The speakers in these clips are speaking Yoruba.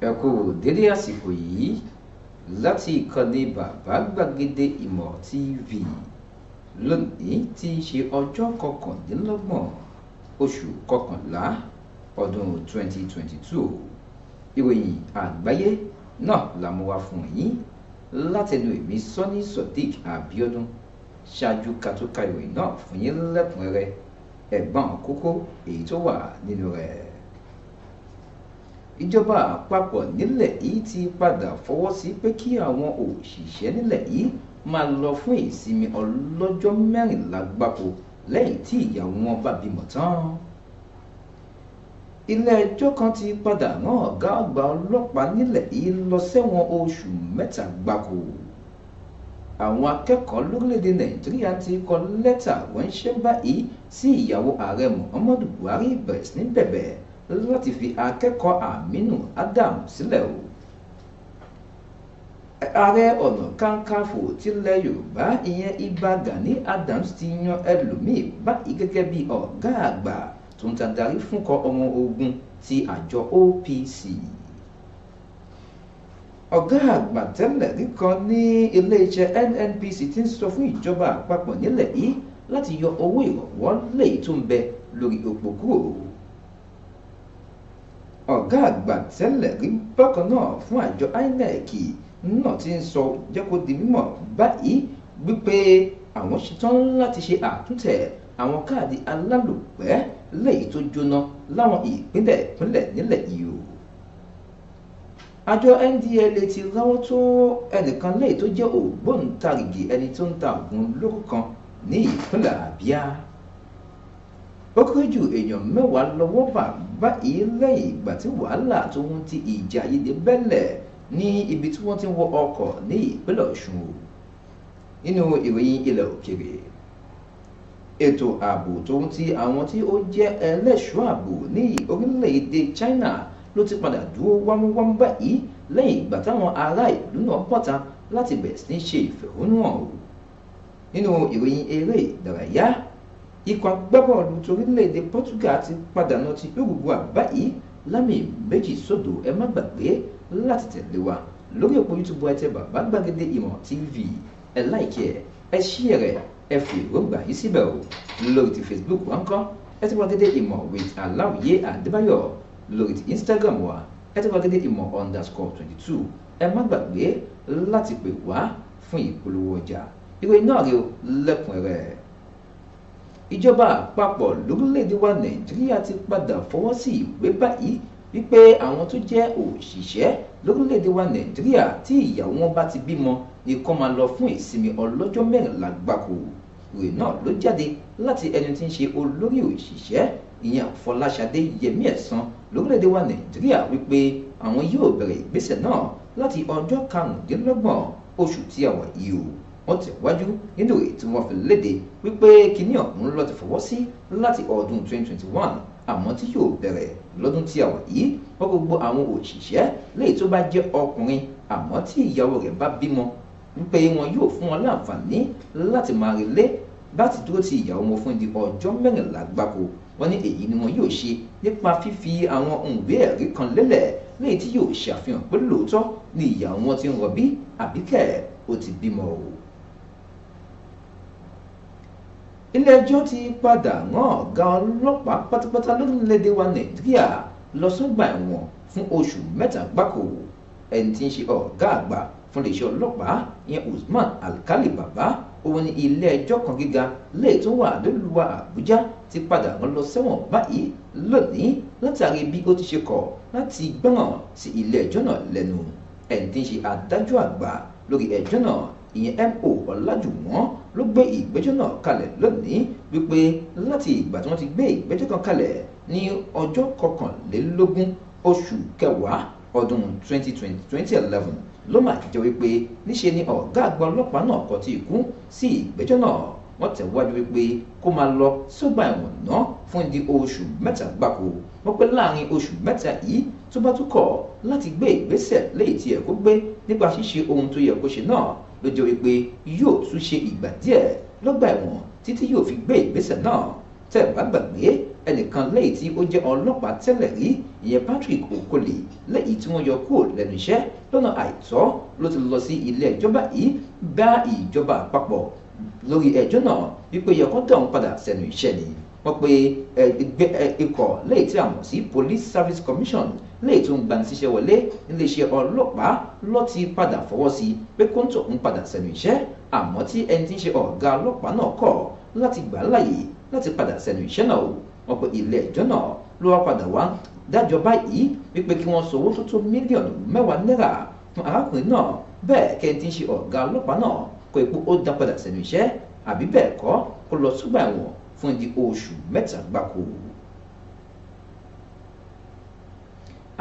ẹ kú dédé àsìkò lati láti ìkànnì bàbá gbàgede ìmọ̀ tv lónìí tí í ṣe ọjọ́ kọkàndínlọ́gbọ̀n oṣù kọkànlá ọdún 2022 ìròyìn àgbáyé náà la mú wá fún yín látẹnu èmi sọ́ni sodiq abiodun ṣáájú katóka ìròyìn náà fún yín lẹ́kùnrẹ́rẹ́ ẹ̀gbọ́n kókó èyí wa wà nínú rẹ̀ ìjọba àpapọ̀ nílẹ̀ yìí ti padà fọwọ́ sí pé kí àwọn òṣìṣẹ́ nílẹ̀ yìí máa lọ fún ìsinmi ọlọ́jọ́ mẹ́rìnlá gbáko lẹ́yìn tí ìyá wọn bá bímọ tán ilé ẹjọ́ kan ti padà rán ọ̀gá àgbà ọlọ́pàá nílẹ̀ yìí lọ sẹ́wọ̀n oṣù mẹ́ta gbáko àwọn akẹ́kọ̀ọ́ lórílẹ̀‐èdè nàìjíríà ti kọ lẹ́tà wọ́n ń ṣe báyìí sí ìyàwó ààrẹ muhammadu buhari bẹ̀rẹ̀ láti fi akẹ́kọ̀ọ́ Aminu Adam sílẹ̀ o ààrẹ ọ̀nà kakanfò tilẹ̀ yorùbá ìyẹn ibà Gani Adams ti yan ẹlòmíì báyìí gẹ́gẹ́ bí ọ̀gá àgbà tó ń tadarí fúnkọ ọmọ ogun ti àjọ OPC ọ̀gá àgbà tẹ́lẹ̀ rí kan ní iléeṣẹ́ NNPC ti ń sọ fún ìjọba àpapọ̀ nílẹ̀ yìí láti yọ owó ìrànwọ́ lè tó bẹ lórí òpó kúrò ọ̀gá àgbà tẹ́lẹ̀ rí bákan náà fún àjọ INEC náà ti ń sọ jẹ́ di mímọ̀ báyìí wípé àwọn ṣetán láti ṣe àtúntẹ̀ àwọn káàdì alálòpẹ́ lẹ́yìn tó jóná láwọn ìpínlẹ̀ ìpínlẹ̀ nílẹ̀ yìí àjọ NDLEA ti ráwọ́ tó ẹnìkan lẹ́yìn tó jẹ́ ògbóǹtarìgì ẹni tó ń ta oògùn olóró ní ìpínlẹ̀ Abia ó kéré jù èèyàn mẹ́wàá lọ́wọ́ bà báyìí lẹ́yìn ìgbà tí wàhálà tó ń ti ìjà àìyedè bẹ́lẹ̀ ní ibi tí wọ́n ti ń wọ ọkọ̀ ní ìpínlẹ̀ Ọ̀ṣun o nínú ìròyìn ilẹ̀ òkèèrè ètò ààbò tó ń ti àwọn tí ó jẹ́ ẹlẹ́ṣọ́ ààbò ní orílẹ̀-èdè China ló ti padà dúró wámúwámú báyìí lẹ́yìn ìgbà táwọn ará ìlú náà bọ́ta láti bẹ̀rẹ̀ sí ní ṣe ìfẹ̀hónúhàn o nínú ìròyìn eré ìdárayá ikọ̀ agbábọ́ọ̀lù torílẹ̀-èdè Portugal ti pàdánù ti Uruguay báyìí lámì méjì sódò ẹ má gbàgbé láti tẹ̀lé wa lórí òpó YouTube ẹ tẹ bàbá gbàgede ìmọ̀ TV ẹ láìkí ẹ ẹ ṣí ẹ̀rẹ̀ ẹ fi èròǹgbà yìí síbẹ̀ o lórí ti Facebook wa ń kọ́ ẹ tẹ gbàgede ìmọ̀ with aláwìyé àdébáyọ̀ lórí ti Instagram wa ẹ tẹ gbàgede ìmọ̀ underscore twenty two ẹ má gbàgbé láti pè wá fún ìpolówó ọjà ìròyìn náà rí o lẹ́kùnrẹ́rẹ́ ìjọba àpapọ̀ lórílẹ̀‐èdè wa nàìjíríà ti padà fọwọ́ sí ìwé báyìí wípé àwọn tó jẹ́ òṣìṣẹ́ lórílẹ̀‐èdè wa nàìjíríà tí ìyàwó wọn bá ti bímọ ni kó máa lọ fún ìsinmi ọlọ́jọ́ mẹ́rìnlá gbáko ìwé náà ló jáde láti ẹni tí ń ṣe olórí òṣìṣẹ́ ìyẹn fọláṣadé yẹmí ẹ̀sán lórílẹ̀‐èdè wa nàìjíríà wípé àwọn yóò bẹ̀rẹ̀ ìgbésẹ̀ náà láti ọjọ́ karùndínlọ́gbọ̀n oṣù tí a wà yìí o wọ́n tẹ̀wájú nínú èyí tí wọ́n fi léde wípé kinní ọ̀hún ló ti fọwọ́ sí láti ọdún 2021 àmọ́ tí yóò bẹ̀rẹ̀ lọ́dún tí a wà yìí wọ́n gbogbo àwọn òṣìṣẹ́ léyìí tó bá jẹ́ ọkùnrin àmọ́ tí ìyàwó rẹ̀ bá bímọ wípé wọn yóò fún wọn láǹfààní láti máa relé bá ti dúró ti ìyàwó wọn fún di ọjọ́ mẹ́rìnlá gbáko wọ́n ní èyí ni wọn yóò ṣe nípa fífi àwọn òǹgbé ẹ̀rí kan lélẹ̀ léyìí tí yóò ṣàfihàn pé lóòótọ́ ni ìyàwó wọn ti ń rọbí àbíkẹ́ ó ti bímọ o ilé-ẹjọ́ ti padà rán ọ̀gá ọlọ́pàá pátápátá lórílẹ̀‐èdè wa nàìjíríà lọ sọ́gbà ẹ̀wọ̀n fún oṣù mẹ́ta gbáko ẹni tí ń ṣe ọ̀gá àgbà fún iléeṣẹ́ ọlọ́pàá ìyẹn Usman Alkali baba òun ni ilé-ẹjọ́ kan gíga lè tó wà lólùwà Àbújá ti padà rán lọ sẹ́wọ̀n báyìí lónìí látàrí bí ó ti ṣe kọ̀ láti gbọ́ràn sí ilé-ẹjọ́ náà lẹ́nu ẹni tí ń ṣe adájọ́ àgbà lórí ẹjọ́ náà ìyẹn e mo ọlájùwọ̀n ló gbé ìgbẹ́jọ́ náà kalẹ̀ lónìí wípé láti ìgbà tí wọ́n ti gbé ìgbẹ́jọ́ kan kalẹ̀ ní ọjọ́ kọkànlélógún oṣù kẹwàá ọdún 2020 2011 ló mà jẹ́ wípé níṣe ni ọ̀gá àgbà ọlọ́pàá náà kọ tí ikú sí ìgbẹ́jọ́ náà wọ́n tẹ̀wájú wípé kó máa lọ sọ́gbà ẹ̀wọ̀n náà fún di oṣù mẹ́ta gbáko wọ́n pé láàrin oṣù mẹ́ta yìí tó bá tún kọ̀ láti gbé ìgbésẹ̀ léyìí tí ẹ̀ kó gbé nípa ṣíṣe ohun tó yẹ kó ṣe náà ló jẹ́ wípé yóò tún ṣe ìgbà díẹ̀ lọ́gbà ẹ̀wọ̀n títí yóò fi gbé ìgbésẹ̀ náà tẹ̀ bá gbàgbé ẹnìkan lẹ́yìn tí ó jẹ́ ọlọ́pàá tẹ́lẹ̀ rí ìyẹn Patrick Okoli lẹ́yìn tí wọ́n yọ kúrò lẹ́nu iṣẹ́ lọ́nà àìtọ́ ló ti lọ sí ilé ẹjọ́ báyìí bá ìjọba àpapọ̀ lórí ẹjọ́ náà wípé yẹ kó dá òun padà sẹ́nu iṣẹ́ ni wọ́n pe ikọ̀ léyìí tí a mọ̀ sí police service commission léyìí tó ń gbani síṣẹ́ wọlé iléeṣẹ́ ọlọ́pàá ló ti padà fọwọ́ sí pé kóńtò ń padà sẹ́nu iṣẹ́ àmọ́ tí ẹni tí ń ṣe ọ̀gá ọlọ́pàá náà kọ̀ láti gbà láàyè láti padà sẹ́nu iṣẹ́ náà wọ́n pe ilé ẹjọ́ náà ló wá padà wá dájọ́ báyìí wípé kí wọ́n sanwó tó tó mílíọ̀nù mẹ́wàá náírà fún arákùnrin náà bẹ́ẹ̀ kẹ́ni tí ń ṣe ọ̀gá fún di oṣù mẹ́ta gbáko.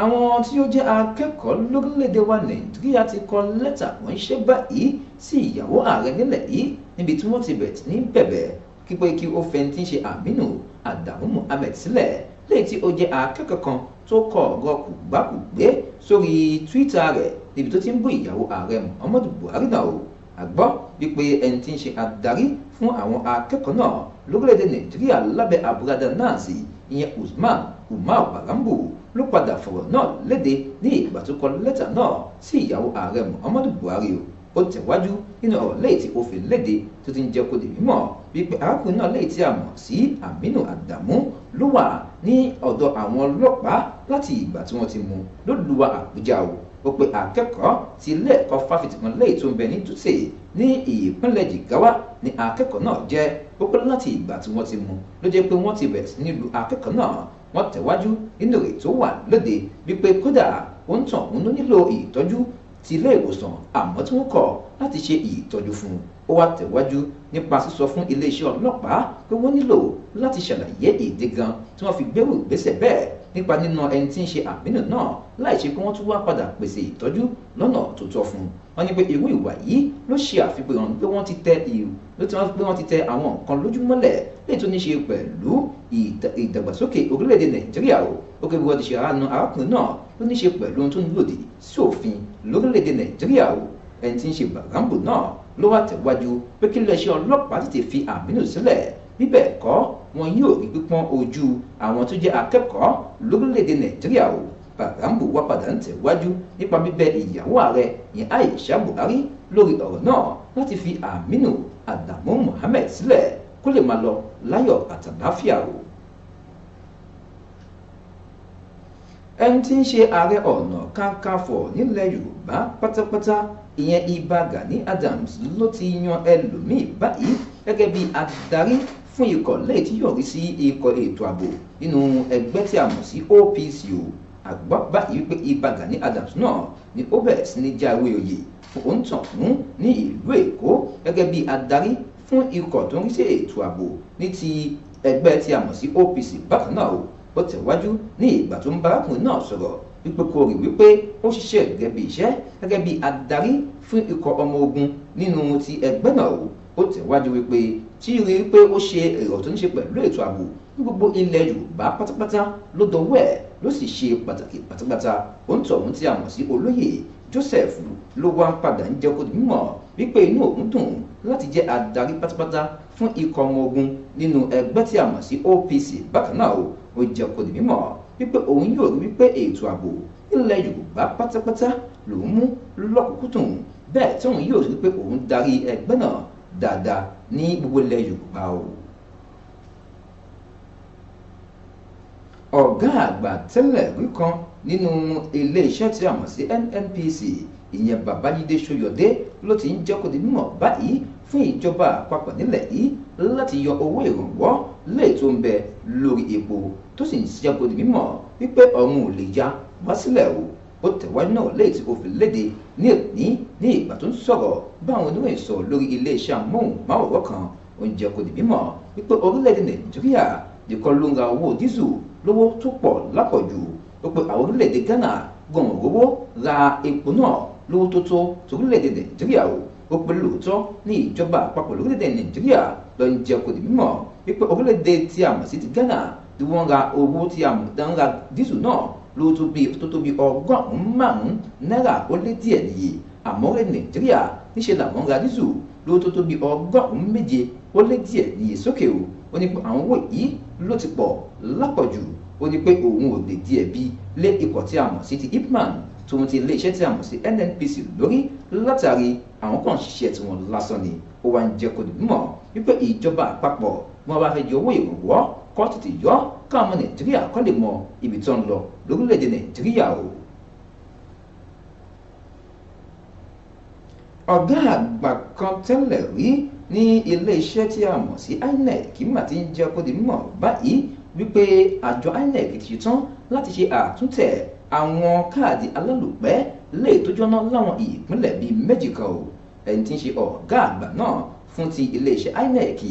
àwọn tí ó jẹ́ akẹ́kọ̀ọ́ lórílẹ̀‐èdè wa nàìjíríà ti kọ lẹ́tà ránṣẹ́ báyìí sí ìyàwó ààrẹ nílẹ̀ yìí níbi tí wọ́n ti bẹ̀rẹ̀ ní bẹ̀bẹ̀ kípé kí ó fẹ́ tí ṣe àmínú àdàmú muhammed sílẹ̀ lẹ́yìn tí ó jẹ́ akẹ́kọ̀ọ́ kan tó kọ ọ̀rọ̀ kùgbàkùgbé sórí twitter rẹ̀ níbi tó ti ń bú ìyàwó ààrẹ muhammadu buhari náà o àgbọ́ wípé ẹni tí ń ṣe adarí fún àwọn akẹ́kọ̀ọ́ náà lórílẹ̀‐èdè nàìjíríà lábẹ́ àbúradà náà sí ìyẹn usman umar barambo ló padà fọ̀rọ̀ náà léde ní ìgbà tó kọ lẹ́tà náà sí ìyàwó ààrẹ muhammadu buhari o ó tẹ̀wájú nínú ọ̀rọ̀ lẹ́yìn tí ó fi léde tó ti ń jẹ́ kó di mímọ̀ wípé arákùnrin náà lẹ́yìn tí a mọ̀ sí aminu adamu ló wà ní ọ̀dọ̀ àwọn ọlọ́pàá láti ìgbà tí wọ́n ti mú lóluwà àbújá o ó pe akẹ́kọ̀ọ́ ti ilé ẹ̀kọ́ fáfitì kan lẹ́yìn tó ń bẹ ní Dutse ní ìpínlẹ̀ Jigawa ni akẹ́kọ̀ọ́ náà jẹ́ ó pé láti ìgbà tí wọ́n ti mú ló jẹ́ pé wọ́n ti bẹ̀rẹ̀ sí lu akẹ́kọ̀ọ́ náà wọ́n tẹ̀wájú nínú rẹ̀ tó wà lóde wípé kódà ó ń tàn òun ló nílò ìtọ́jú ti ilé ìwòsàn àmọ́ tí wọ́n kọ̀ láti ṣe ìtọ́jú fún un ó wá tẹ̀wájú nípa sísọ fún iléeṣẹ́ ọlọ́pàá pé wọ́n nílò láti ṣàlàyé ìdí gan tí wọ́n fi gbérù ìgbésẹ̀ bẹ́ẹ̀ nípa nínà ẹni tí ń ṣe àbínú náà láì ṣe pé wọ́n tún wá padà pèsè ìtọ́jú lọ́nà tó tọ́ fún un wọ́n ní pé irú ìwà yìí ló ṣe àfihàn pé wọ́n ti tẹ ìrù ló ti wọ́n pé wọ́n ti tẹ àwọn nǹkan lójúmọ́lẹ̀ léyìí ní ṣe pẹ̀lú ìdàgbàsókè orílẹ̀-èdè nàìjíríà o ó kébí wọ́n ti ṣe àánú arákùnrin náà ló ní ṣe pẹ̀lú ohun tó ń lòdì sí òfin lórílẹ̀-èdè nàìjíríà o ẹni tí ń ṣe bàrámbò náà ló wá tẹ̀wájú pé kí iléeṣẹ́ ọlọ́pàá tètè fi Aminu sílẹ̀ bíbẹ̀ kọ́ wọn yóò rí pípọ́n ojú àwọn tó jẹ́ akẹ́kọ̀ọ́ lórílẹ̀‐èdè Nàìjíríà o Bagambu wá padà ń tẹ̀wájú nípa bíbẹ̀ ìyàwó ààrẹ ní Aisha Buhari lórí ọ̀rọ̀ náà láti fi Aminu Adamu Muhammed sílẹ̀ kó lè máa lọ láyọ̀ àtàláfíà o ẹni tí ń ṣe ààrẹ ọ̀nà kankafọ̀ nílẹ̀ yorùbá pátápátá ìyẹn ibà gani adams ló ti yan ẹlòmíì báyìí gẹ́gẹ́ bí adarí fún ikọ̀ lẹ́yìn tí yọrí sí ikọ̀ ètò ààbò nínú ẹgbẹ́ tí a mọ̀ sí opc o àgbà báyìí wípé ibà gani adams náà ni ó bẹ̀rẹ̀ sí ní jáwé oyè fún òǹtọ̀hún ní ìlú èkó gẹ́gẹ́ bí adarí fún ikọ̀ tó ń rí sí ètò ààbò ní ti ẹgbẹ́ tí a mọ̀ sí opc bákan náà o ó tẹ̀wájú ní ìgbà tó ń barákùnrin náà sọ̀rọ̀ wípé kò rí wípé ó ṣiṣẹ́ gẹ́gẹ́ bí iṣẹ́ gẹ́gẹ́ bí adarí fún ikọ̀ ọmọ ogun nínú ti ẹgbẹ́ náà o ó tẹ̀wájú wípé tí rí wípé ó ṣe èrò tó ní ṣe pẹ̀lú ètò ààbò ní gbogbo ilẹ̀ Yorùbá pátápátá ló dọwọ́ ẹ̀ ló sì ṣe pàtàkì pátápátá òǹtọ̀hún tí a mọ̀ sí olóyè Joseph ló wá ń padà ń jẹ́ kó di mímọ̀ wípé inú òun dùn láti jẹ́ adarí pátápátá fún ikọ̀ ọmọ ogun nínú ẹgbẹ́ tí a mọ̀ sí OPC bákan náà o ó jẹ́ kó di mímọ̀ wípé òun yóò rí wípé ètò ààbò ilẹ̀ Yorùbá pátápátá lòún mú lọ́kùnkúndùn bẹ́ẹ̀ tí òun yóò rí pé òun darí ẹgbẹ́ náà dáadáa ní gbogbo ilẹ̀ Yorùbá o. ọ̀gá àgbà tẹ́lẹ̀ rí kan nínú iléeṣẹ́ tí a mọ̀ sí NNPC ìyẹn Babájídé Ṣóyọdé ló ti ń jẹ́ kó di mímọ̀ báyìí fún ìjọba àpapọ̀ nílẹ̀ yìí láti yọ owó ìrànwọ́ léè ń bẹ lórí epo tó sì ń ṣiṣẹ́ kó di mímọ̀ wípé ọ̀run ò lè ya wá sílẹ̀ o ó tẹ̀wájú náà lẹ́yìn tí kò léde ní òní ní ìgbà tó ń sọ̀rọ̀ báwọn oníròyìn sọ lórí iléeṣẹ́ amóhùnmáwòrán kan ó kó di mímọ̀ wípé orílẹ̀-èdè nàìjíríà nìkan ló ń ra owó dísù lówó tó pọ̀ lápọ̀jù ó pe àwọn orílẹ̀-èdè ghana gbọ̀n òróró ra epo náà lówó tó tó torílẹ̀-èdè nàìjíríà o ó pe lóòótọ́ ní ìjọba àpapọ̀ lórílẹ̀-èdè nàìjíríà ló kó di mímọ̀ wípé orílẹ̀-èdè tí a sí ti ghana wọ́n ra owó tí a mọ̀ tán ra dísù náà ló tó bí tó tó bí ọgọ́rùn-ún márùn-ún náírà ó lé díẹ̀ nìyí àmọ́ rẹ̀ nàìjíríà níṣẹ́ làwọn ra dísù ló tó tó bí ọgọ́rùn-ún méje ó lé díẹ̀ nìyí sókè o ó ní pé àwọn owó yìí ló ti pọ̀ lápọ̀jù ó ní pé òun ò lè di ẹ̀bi lé ikọ̀ tí a mọ̀ sí ti ipman tòun ti iléeṣẹ́ tí a mọ̀ sí nnpc lórí látàrí àwọn kan ṣiṣẹ́ tí wọ́n lásán ni ó wá ń jẹ́ kó dùn mọ̀ wípé ìjọba àpapọ̀ bí bá fẹ́ di owó ìrànwọ́ kọ́ tètè yọ káwọn ọmọ nàìjíríà kọ́ lè mọ ibi tó ń lọ lórílẹ̀‐èdè nàìjíríà o. ọ̀gá àgbà kan tẹ́lẹ̀ rí ní ilé-iṣẹ́ tí a mọ̀ sí inec kì mà ti ń jẹ́ kó di mímọ̀ báyìí wípé àjọ inec ti ṣetán láti ṣe àtúntẹ̀ àwọn káàdì alálòpẹ́ lè tó jóná láwọn ìpínlẹ̀ bíi méjì o ẹni tí ń ṣe ọ̀gá àgbà náà fún ti iléeṣẹ́ inec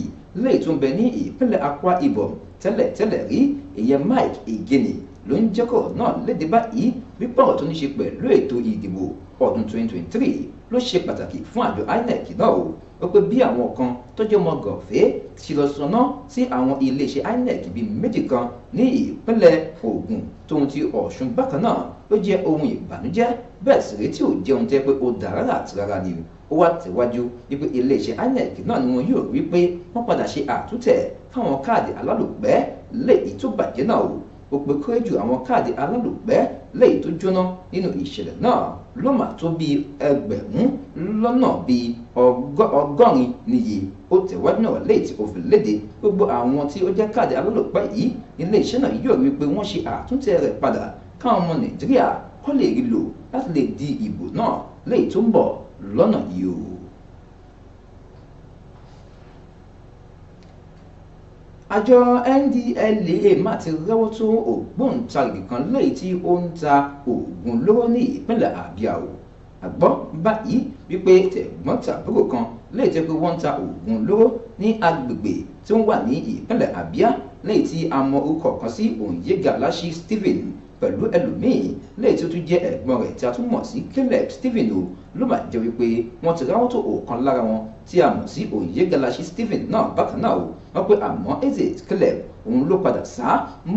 lè tún bẹ ní ìpínlẹ̀ akwa ibom tẹ́lẹ̀tẹ́lẹ̀ rí ìyẹn Mike Igini ló ń jẹ́kọ̀ náà léde báyìí wípé ọ̀rọ̀ tó ní ṣe pẹ̀lú ètò ìdìbò ọdún 2023 ló ṣe pàtàkì fún àjọ INEC náà o ó bí àwọn kan tó jẹ́ ọmọ gànfẹ́ ti lọ sọná sí àwọn iléeṣẹ́ INEC bíi méjì kan ní ìpínlẹ̀ Ògùn tóun ti Ọ̀ṣun bákan náà ló jẹ́ ohun ìbànújẹ́ bẹ́ẹ̀ sì rí ò jẹun tẹ́ pé ó dára ó wá tẹ̀wájú wípé iléeṣẹ́ INEC náà ni wọn yóò rí pé wọ́n padà ṣe àtúntẹ̀ fáwọn káàdì alálòpẹ́ léyìí tó bàjẹ́ náà o ó pé kéré jù àwọn káàdì alálòpẹ́ léyìí tó jóná nínú ìṣẹ̀lẹ̀ náà ló mà tó bíi ẹgbẹ̀rún lọ́nà bíi ọgọ́rin níye ó tẹ̀wájú náà léyìí tí ó fi léde gbogbo àwọn tí ó jẹ́ káàdì alálòpẹ́ yìí iléeṣẹ́ náà yóò rí pé wọ́n ṣe àtúntẹ̀ rẹ̀ padà káwọn ọmọ Nàìjíríà kó lè rí lò láti lè di ìbò náà léyìí tó ń bọ̀ lọ́nà yìí o. àjọ NDLEA má ti rẹ́wọ́ tó ògbóǹtarìgì kan lẹ́yìn tí ó ń ta oògùn lóró ní ìpínlẹ̀ Abia o àgbọ́n báyìí wípé tẹ̀gbọ́n-tàbúrò kan lẹ́yìn tó pé wọ́n ń ta oògùn lóró ní agbègbè tó ń wà ní ìpínlẹ̀ Abia lẹ́yìn tí a mọ orúkọ kan sí Onyega Lashi Stephen pẹ̀lú ẹlòmíì léyìí tí ó tún jẹ́ ẹ̀gbọ́n rẹ̀ tí a tún mọ̀ sí Caleb Stephen o ló máa jẹ́ wípé wọ́n ti ráwọ́ tó ọ̀kan lára wọn tí a mọ̀ sí òye galaxy Stephen náà bákan náà o wọ́n pé àmọ́ Eze Caleb òun ló padà sá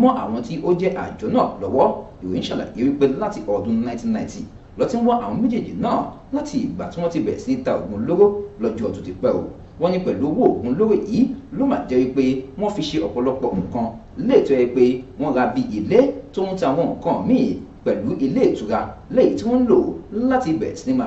mọ́ àwọn tí ó jẹ́ àjọ náà lọ́wọ́ ìròyìn ṣàlàyé wípé láti ọdún 1990 lọ ti ń wá àwọn méjèèjì náà láti ìgbà tí wọ́n ti bẹ̀rẹ̀ sí ta ògùn olóró lọ́jọ́ tó ti pẹ́ o wọ́n ní pẹ̀lú owó ògùn olóró yìí ló máa jẹ́ wípé wọ́n fi ṣe ọ̀pọ̀lọpọ̀ nǹkan léètọ́ ẹ pé wọ́n ra bí ilé tó ń ta àwọn nǹkan míì pẹ̀lú ilé ìtura léyìí tí wọ́n ń lò láti bẹ̀rẹ̀ sí ni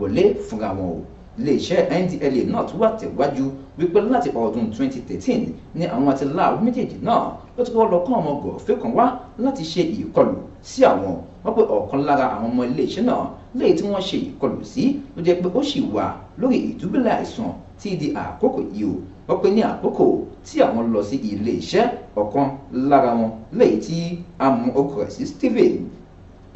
wọlé fúnra wọn o iléeṣẹ́ ndla náà tún wà tẹ̀wájú wípé láti ọdún 2013 ni àwọn àtìláàrú méjèèjì náà ló ti kọ́ lọ kọ́ ọmọ gọ̀ọ́fẹ́ kan wá láti ṣe ìkọlù sí àwọn wọ́n pé ọ̀kan lára àwọn ọmọ iléeṣẹ́ náà léyìí tí wọ́n ṣe ìkọlù sí ló jẹ́ pé ó sì wà lórí ìdúbìlẹ̀ àìsàn tí di àkókò yìí o ó pé ní àkókò tí àwọn lọ sí ilé iṣẹ́ ọ̀kan lára wọn lẹ́yìn tí a mọ orúkọ rẹ̀ sí Stephen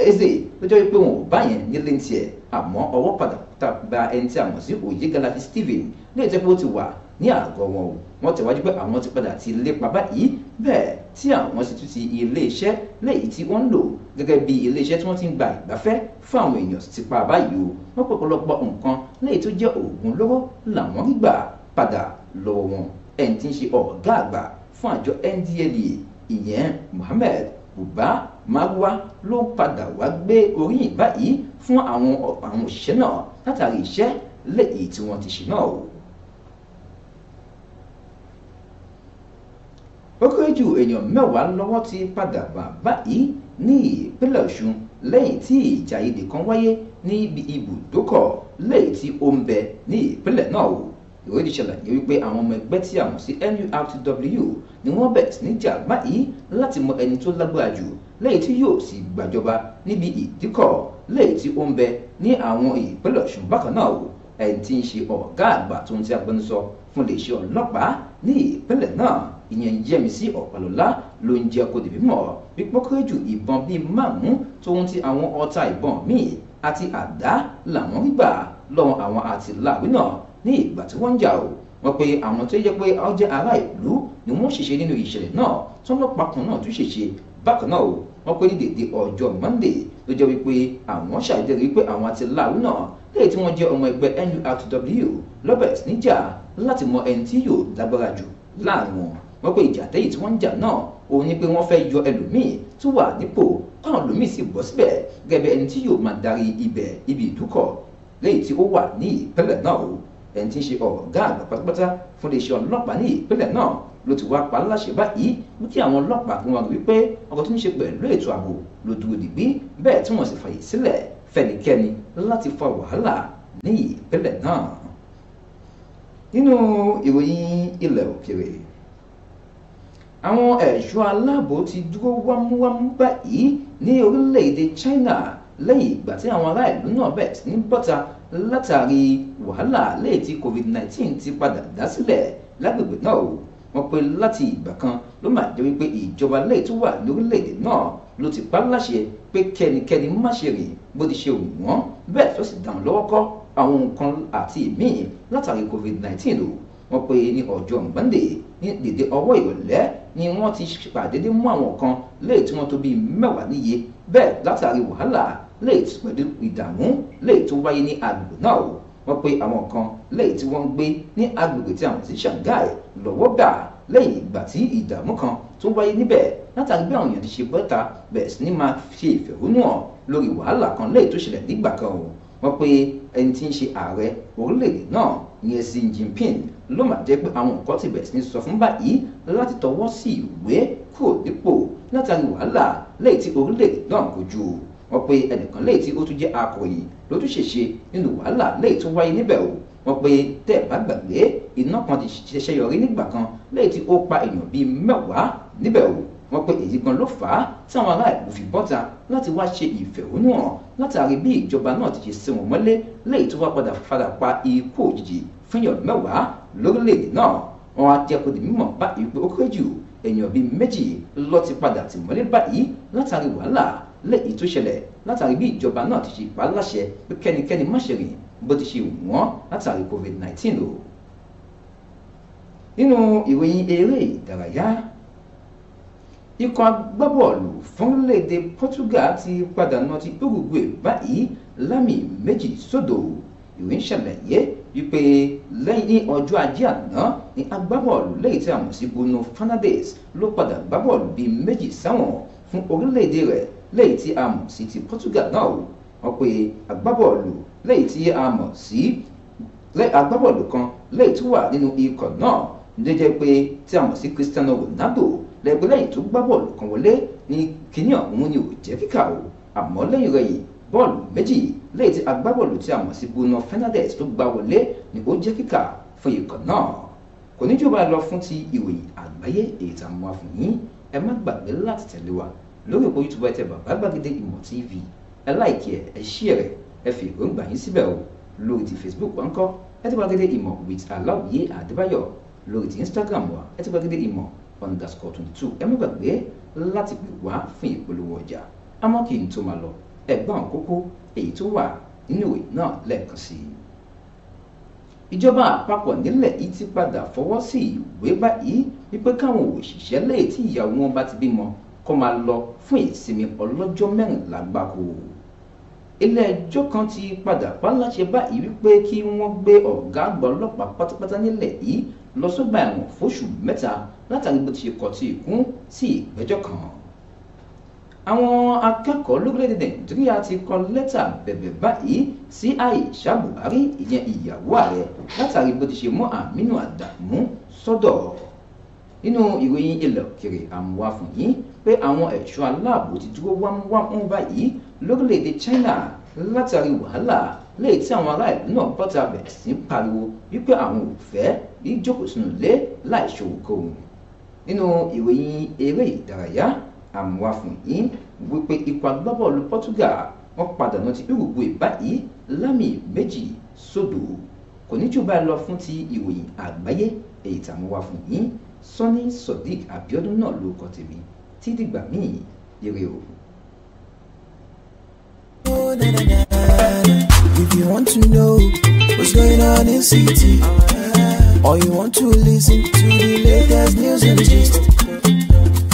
Eze lọ́jọ́ pé wọn ò bá nílé ń tiẹ̀ àmọ́ ọwọ́ padà tàbá ẹni tí a mọ̀ sí Oyegala fi Stephen lẹ́yìn tó pé ti wà ní àgọ́ wọn o wọ́n tẹ̀wájú pé àwọn ti padà ti lépa báyìí bẹ́ẹ̀ tí àwọn sì tún ti ilé iṣẹ́ lẹ́yìn tí wọ́n ń lò gẹ́gẹ́ bí ilé iṣẹ́ tí wọ́n ti ń gba ìgbafẹ́ fún àwọn èèyàn ti pa báyìí o wọ́n pọ̀pọ̀lọpọ̀ nǹkan lẹ́yìn tó jẹ́ oògùn lọ́wọ́ làwọn gbà padà lọ́wọ́ wọn ẹni tí ń ṣe ọ̀gá àgbà fún àjọ NDLEA ìyẹn Mohammed Buba Marwa ló padà wá gbé oríyìn báyìí fún àwọn òṣìṣẹ́ náà látàrí iṣẹ́ lẹ́yìn tí wọ́n ti ṣe náà o. ó kéré jù èèyàn mẹ́wàá lọ́wọ́ ti padà bà báyìí ní ìpínlẹ̀ Ọ̀ṣun lẹ́yìn tí ìjà ìdè kan wáyé ní ibùdókọ̀ lẹ́yìn tí ó ń bẹ ní ìpínlẹ̀ náà o ìwé ìṣẹ̀lẹ̀ ni wípé àwọn ọmọ ẹgbẹ́ tí a mọ̀ sí NURTW ni wọ́n bẹ̀rẹ̀ sí ní jà báyìí láti mọ ẹni tó lágbára jù lẹ́yìn tí yóò sì gbàjọba níbi ìdíkọ̀ lẹ́yìn tí ó ń bẹ ní àwọn ìpínlẹ̀ Ọ̀ṣun bákan náà o ẹni tí ń ṣe ọ̀gá àgbà tó ń ti agbẹnusọ fún iléeṣẹ́ ọlọ́pàá ní ìpínlẹ̀ náà ìyẹn Yẹmisí Ọ̀pálọ́lá ló ń jẹ́ kó dìbí mọ̀ bí pọ́kẹ́jù ìbọn bíi márùn-ún tóun ti àwọn ọta ìbọn míì àti àdá làwọn gbà lọ́wọ́ àwọn àtìláàwí náà ní ìgbà tí wọ́n ń jà o wọ́n pe àwọn tó yẹ pé ó jẹ́ ará ìlú ni wọ́n ṣèṣe nínú ìṣẹ̀lẹ̀ náà tó ọlọ́pàá kan náà tún ṣèṣe bákan náà o wọ́n pe ní dèdè ọjọ́ Monday ló jẹ́ wípé àwọn ṣàdédé wípé àwọn àti láàrú náà lẹ́yìn tí wọ́n jẹ́ ọmọ ẹgbẹ́ NURTW lọ́bẹ̀rẹ̀ sí níjà láti mọ ẹni tí yóò lágbára jù láàrin wọ́n pe ìjà tẹ́yì tí wọ́n ń jà náà òun ni pé wọ́n fẹ́ yọ ẹlòmíì tó wà nípò káwọn ẹlòmíì sì bọ̀ síbẹ̀ gẹ́gẹ́ bí ẹni tí yóò máa darí ibẹ̀ ibi ìdúkọ̀ lẹ́yìn tí ó wà ní ìpínlẹ̀ náà ẹni tí ń ṣe ọ̀gá àgbà pátápátá fún iléeṣẹ́ ọlọ́pàá ní ìpínlẹ̀ náà ló ti wá pa láṣẹ báyìí wípé àwọn ọlọ́pàá fún wọn wípé ọkọ̀ tó ń ṣe pẹ̀lú ètò ààbò ló dúró dìgbì bẹ́ẹ̀ tí wọ́n sì fàyè sílẹ̀ fẹ́nikẹ́ni láti fa wàhálà ní ìpínlẹ̀ náà. nínú ìròyìn ilẹ̀ òkèèrè àwọn ẹ̀ṣọ́ aláàbò ti dúró wámúwámú báyìí ní orílẹ̀-èdè China lẹ́yìn ìgbà tí àwọn ará ìlú náà bẹ̀rẹ̀ sí ní bọ́ta látàrí wàhálà léè tí covid-19 ti padà dá sílẹ̀ lágbègbè náà o wọ́n pe láti ìgbà kan ló máa jẹ́ wípé ìjọba léè tó wà lórílẹ̀‐èdè náà ló ti pa láṣẹ pé kẹ́nikẹ́ni má ṣe rìn bó ti ṣe wù wọ́n bẹ́ẹ̀ tó sì dáhùn lọ́wọ́ kọ́ àwọn nǹkan àti ìmíì látàrí covid-19 o wọ́n pe ní ọjọ́ Monday ní dèdè ọwọ́ ìrọ̀lẹ́ ni wọ́n ti pàdédé mú àwọn kan léè tí wọ́n tó bíi mẹ́wàá níye bẹ́ẹ̀ látàrí wàhálà léètì pẹ̀lú ìdààmú léètì tó wáyé ní agbègbè náà o wọ́n pe àwọn kan léètì wọ́n ń gbé ní agbègbè tí àwọn ti Shanghai lọ́wọ́ gbà lẹ́yìn ìgbà tí ìdààmú kan tó wáyé níbẹ̀ látàrí bí àwọn èèyàn ti ṣe bọ́ta bẹ̀rẹ̀ sí ní máa ṣe ìfẹ̀hónúhàn lórí wàhálà kan léètì tó ṣẹlẹ̀ nígbà kan o wọ́n pe ẹni tí ń ṣe ààrẹ orílẹ̀-èdè náà ìyẹn Xi Jinping ló máa jẹ́ pé àwọn nǹkan ti bẹ̀rẹ̀ sí ní sọ fún báyìí láti tọwọ́ sí ìwé kúrò nípò látàrí wàhálà léètì orílẹ̀-èdè náà kojú wọ́n pe ẹnìkan léyìí tí ó tún jẹ́ akọ̀yìn ló tún ṣèṣe nínú wàhálà léyìí tó wáyé níbẹ̀ o wọ́n pe tẹ́ ẹ̀ bá gbàgbé iná kan ti ṣẹ̀ṣẹ̀ yọrí nígbà kan léyìí tí ó pa èèyàn bíi mẹ́wàá níbẹ̀ o wọ́n pe èyí gan ló fà á táwọn aráàlú fi bọ́ta láti wá ṣe ìfẹ̀hónúhàn látàrí bí ìjọba náà ti ṣe sí wọn mọ́lé léyìí tó wá padà fara pa ikú òjijì fúnyàn mẹ́wàá lórílẹ̀‐èdè náà wọn á jẹ́ kó mímọ̀ bá ìpè ó èèyàn bíi méjì ló ti padà tì mọ́lé báyìí látàrí wàhálà léyìí tó ṣẹlẹ̀ látàrí bí ìjọba náà ti ṣe pa á láṣẹ pé kẹ́nikẹ́ni má ṣe rìn bó ti ṣe wọ́n látàrí covid-19 o. nínú ìròyìn eré ìdárayá ikọ̀ agbábọ́ọ̀lù fún orílẹ̀-èdè Portugal ti padà nà ti Uruguay báyìí lámì méjì sódò ìròyìn ṣàlàyé wípé lẹ́yìn ọjọ́ ajé àná ni agbábọ́ọ̀lù lẹ́yìn tí a mọ̀ sí Bruno Fernandes ló padà gbá bọ́ọ̀lù bíi méjì sáwọn fún orílẹ̀-èdè rẹ̀ léyìí tí a mọ̀ sí ti Portugal náà wò wọ́n pe agbábọ́ọ̀lù léyìí tí a mọ̀ sí agbábọ́ọ̀lù kan léyìí tó wà nínú ikọ̀ náà ló jẹ́ pé tí a mọ̀ sí Cristiano Ronaldo lẹ́gbẹ́ lẹ́yìn tó gbá bọ́ọ̀lù kan wọlé ní kíní ọ̀hún ni ò jẹ́ kíkà o àmọ́ lẹ́yìn rẹ̀ yìí bọ́ọ̀lù méjì lẹ́yìn tí agbábọ́ọ̀lù tí a mọ̀ sí Bruno Fernandes tó gbá wọlé ni ó jẹ́ kíkà fún ikọ̀ náà kò ní jù bá lọ fún ti ìròyìn àgbáyé èyí tá a mú fún yín ẹ má gbàgbé láti tẹ̀lé wa lórí òpó youtube ẹtẹ bàbá gbàgede ìmọ̀ tv ẹ láìkí ẹ ẹ ṣí ẹ ẹ fi èròǹgbà yín síbẹ̀ o lórí ti facebook wa ń kọ́ ẹtẹ gbàgede ìmọ̀ with aláwìyé àdébáyọ̀ lórí ti instagram wa ẹtẹ gbàgede ìmọ̀ underscore twenty two ẹ má gbàgbé láti pè wá fún ìpolówó ọjà àmọ́ kí n tó máa lọ ẹ gbọ́ àwọn kókó èyí tó wà nínú ìwé náà lẹ́ẹ̀kan sí i ìjọba àpapọ̀ nílẹ̀ yìí ti padà fọwọ́ sí ìwé báyìí wípé káwọn òṣìṣẹ́ lẹ́yìn tí ìyàwó wọn bá ti bímọ kó máa lọ fún ìsinmi ọlọ́jọ́ mẹ́rìnlá gbáko ilé ẹjọ́ kan ti padà páláṣẹ báyìí wípé kí wọ́n gbé ọ̀gá àgbà ọlọ́pàá pátápátá nílẹ̀ yìí lọ sọ́gbà ẹ̀wọ̀n fóṣù mẹ́ta látàrí bó ti ṣe kọ̀tì ìkún sí ìgbẹ́jọ́ kan àwọn akẹ́kọ̀ọ́ lórílẹ̀‐èdè nàìjíríà ti kọ lẹ́tà bẹ̀bẹ̀ báyìí sí àìsà buhari ìyẹn ìyàwó ààrẹ látàrí bó ti ṣe mú àmínú àdàmú sọ́dọ̀ nínú ìròyìn ilẹ̀ òkèrè àmúwá fún yín pé àwọn ẹ̀ṣọ́ aláàbò ti dúró wámúwámú báyìí lórílẹ̀‐èdè China látàrí wàhálà léyìí tí àwọn ará ìlú náà bọ́ta bẹ̀rẹ̀ sí pariwo wípé àwọn ò fẹ́ ìjókòó sínú ilé láì ṣòwò kóhùn nínú ìròyìn eré ìdárayá àmúwá fún yín wípé ikọ̀ agbábọ́ọ̀lù Portugal wọ́n pàdánù ti Uruguay báyìí lámì méjì sódò kò ní jù báyìí lọ fún ti ìròyìn àgbáyé èyí tàmúwá fún yín Sọ́ní Sodiq Abiodun náà ló kọ tèmi tí dìgbà míì ire o. If you want to know what's going on in city, or you want to listen to the latest news and gist,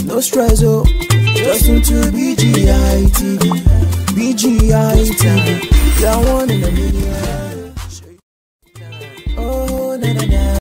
no stress, oh, just tune to BGI TV, BGI TV, that one in a million.